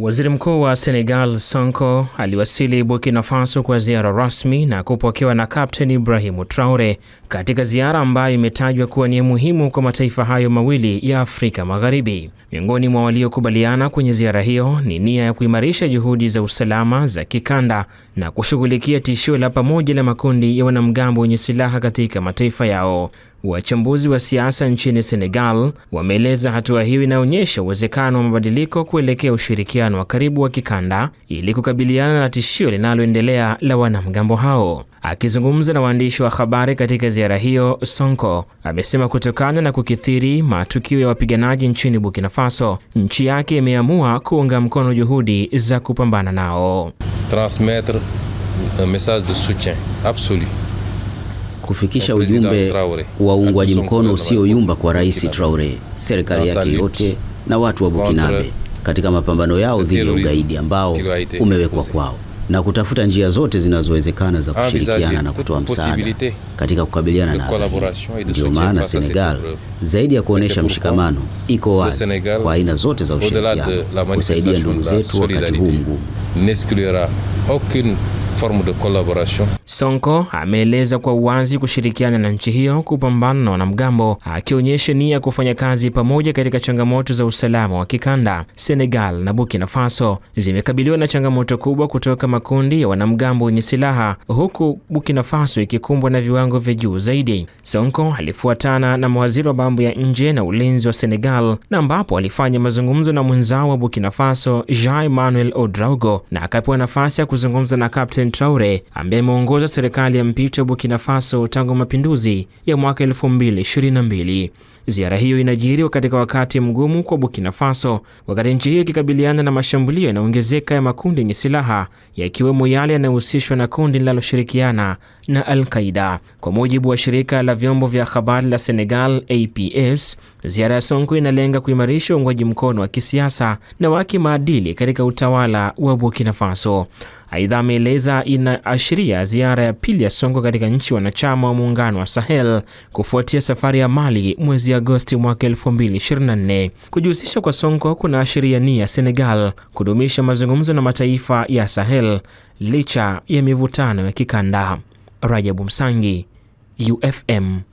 Waziri Mkuu wa Senegal Sonko aliwasili Burkina Faso kwa ziara rasmi na kupokewa na Kapteni Ibrahimu Traore katika ziara ambayo imetajwa kuwa ni muhimu kwa mataifa hayo mawili ya Afrika Magharibi. Miongoni mwa waliokubaliana kwenye ziara hiyo ni nia ya kuimarisha juhudi za usalama za kikanda na kushughulikia tishio la pamoja la makundi ya wanamgambo wenye silaha katika mataifa yao. Wachambuzi wa siasa nchini Senegal wameeleza hatua hiyo inaonyesha uwezekano wa mabadiliko kuelekea ushirikiano wa karibu wa kikanda ili kukabiliana na tishio linaloendelea la wanamgambo hao. Akizungumza na waandishi wa habari katika ziara hiyo, Sonko amesema kutokana na kukithiri matukio ya wapiganaji nchini Burkina Faso, nchi yake imeamua kuunga mkono juhudi za kupambana nao. Transmettre un message de soutien absolu kufikisha ujumbe wa uungwaji mkono usioyumba kwa Rais Traore, serikali yake yote na watu wa Bukinabe katika mapambano yao dhidi ya ugaidi ambao umewekwa kwao na kutafuta njia zote zinazowezekana za kushirikiana na kutoa msaada katika kukabiliana na adha. Ndio maana Senegal, zaidi ya kuonyesha mshikamano, iko wazi kwa aina zote za ushirikiano kusaidia ndugu zetu wakati huu mgumu forme de collaboration. Sonko ameeleza kwa uwazi kushirikiana na nchi hiyo kupambana na wanamgambo, akionyesha nia ya kufanya kazi pamoja katika changamoto za usalama wa kikanda. Senegal na Burkina Faso zimekabiliwa na changamoto kubwa kutoka makundi ya wanamgambo wenye silaha, huku Burkina Faso ikikumbwa na viwango vya juu zaidi. Sonko alifuatana na mawaziri wa mambo ya nje na ulinzi wa Senegal na ambapo alifanya mazungumzo na mwenzao wa Burkina Faso Jean Emmanuel odrago na akapewa nafasi ya kuzungumza na Captain Alassane Traore ambaye ameongoza serikali ya mpito ya Burkina Faso tangu mapinduzi ya mwaka 2022. Ziara hiyo inajiri katika wakati mgumu kwa Burkina Faso, wakati nchi hiyo ikikabiliana na mashambulio yanayoongezeka ya makundi yenye silaha yakiwemo yale yanayohusishwa na kundi linaloshirikiana na Al-Qaida. Kwa mujibu wa shirika la vyombo vya habari la Senegal APS, ziara ya Sonko inalenga kuimarisha uungwaji mkono wa kisiasa na wa kimaadili katika utawala wa Burkina Faso. Aidha, ameeleza inaashiria ziara ya pili ya Sonko katika nchi wanachama wa muungano wa Sahel kufuatia safari ya Mali mwezi Agosti mwaka 2024. Kujihusisha kwa Sonko kunaashiria nia ya Senegal kudumisha mazungumzo na mataifa ya Sahel licha ya mivutano ya kikanda. Rajabu Msangi, UFM